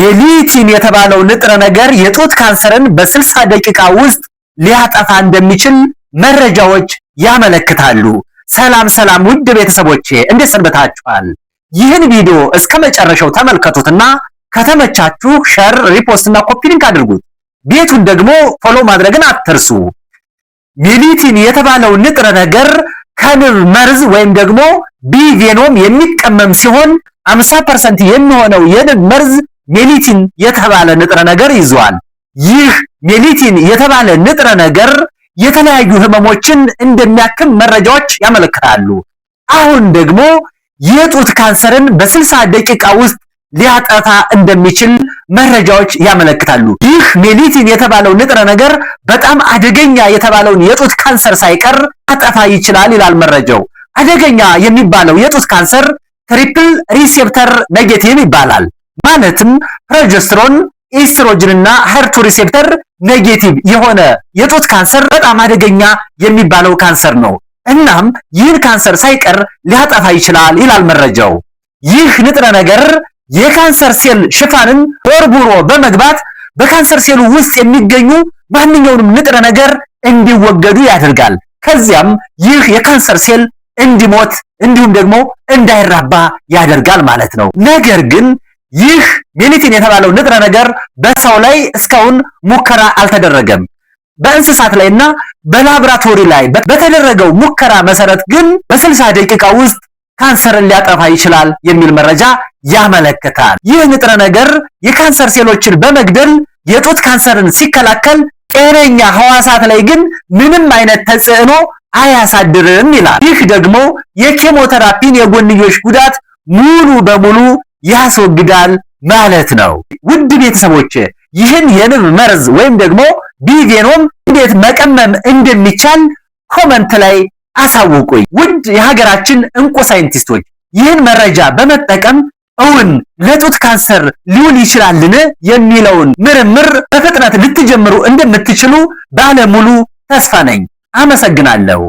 ሜሊቲን የተባለው ንጥረ ነገር የጡት ካንሰርን በ60 ደቂቃ ውስጥ ሊያጠፋ እንደሚችል መረጃዎች ያመለክታሉ። ሰላም ሰላም፣ ውድ ቤተሰቦቼ እንዴት ሰንበታችኋል? ይህን ቪዲዮ እስከ መጨረሻው ተመልከቱትና ከተመቻችሁ ሸር፣ ሪፖስት እና ኮፒ ሊንክ አድርጉት። ቤቱን ደግሞ ፎሎ ማድረግን አትርሱ። ሜሊቲን የተባለው ንጥረ ነገር ከንብ መርዝ ወይም ደግሞ ቢቬኖም የሚቀመም ሲሆን 50% የሚሆነው የንብ መርዝ ሜሊቲን የተባለ ንጥረ ነገር ይዟል። ይህ ሜሊቲን የተባለ ንጥረ ነገር የተለያዩ ህመሞችን እንደሚያክም መረጃዎች ያመለክታሉ። አሁን ደግሞ የጡት ካንሰርን በ60 ደቂቃ ውስጥ ሊያጠፋ እንደሚችል መረጃዎች ያመለክታሉ። ይህ ሜሊቲን የተባለው ንጥረ ነገር በጣም አደገኛ የተባለውን የጡት ካንሰር ሳይቀር አጠፋ ይችላል ይላል መረጃው። አደገኛ የሚባለው የጡት ካንሰር ትሪፕል ሪሴፕተር ኔጌቲቭ ይባላል። ማለትም ፕሮጀስትሮን ኤስትሮጅን እና ሄርቱ ሪሴፕተር ኔጌቲቭ የሆነ የጡት ካንሰር በጣም አደገኛ የሚባለው ካንሰር ነው። እናም ይህን ካንሰር ሳይቀር ሊያጠፋ ይችላል ይላል መረጃው። ይህ ንጥረ ነገር የካንሰር ሴል ሽፋንን ቦርቡሮ በመግባት በካንሰር ሴሉ ውስጥ የሚገኙ ማንኛውንም ንጥረ ነገር እንዲወገዱ ያደርጋል። ከዚያም ይህ የካንሰር ሴል እንዲሞት እንዲሁም ደግሞ እንዳይራባ ያደርጋል ማለት ነው። ነገር ግን ይህ ሜሊቲን የተባለው ንጥረ ነገር በሰው ላይ እስካሁን ሙከራ አልተደረገም። በእንስሳት ላይ እና በላብራቶሪ ላይ በተደረገው ሙከራ መሰረት ግን በስልሳ ደቂቃ ውስጥ ካንሰርን ሊያጠፋ ይችላል የሚል መረጃ ያመለክታል። ይህ ንጥረ ነገር የካንሰር ሴሎችን በመግደል የጡት ካንሰርን ሲከላከል፣ ጤነኛ ህዋሳት ላይ ግን ምንም አይነት ተጽዕኖ አያሳድርም ይላል። ይህ ደግሞ የኬሞቴራፒን የጎንዮሽ ጉዳት ሙሉ በሙሉ ያስወግዳል ማለት ነው። ውድ ቤተሰቦች ይህን የንብ መርዝ ወይም ደግሞ ቢቬኖም እንዴት መቀመም እንደሚቻል ኮመንት ላይ አሳውቁኝ። ውድ የሀገራችን እንቁ ሳይንቲስቶች ይህን መረጃ በመጠቀም እውን ለጡት ካንሰር ሊውል ይችላልን የሚለውን ምርምር በፍጥነት ልትጀምሩ እንደምትችሉ ባለሙሉ ተስፋ ነኝ። አመሰግናለሁ።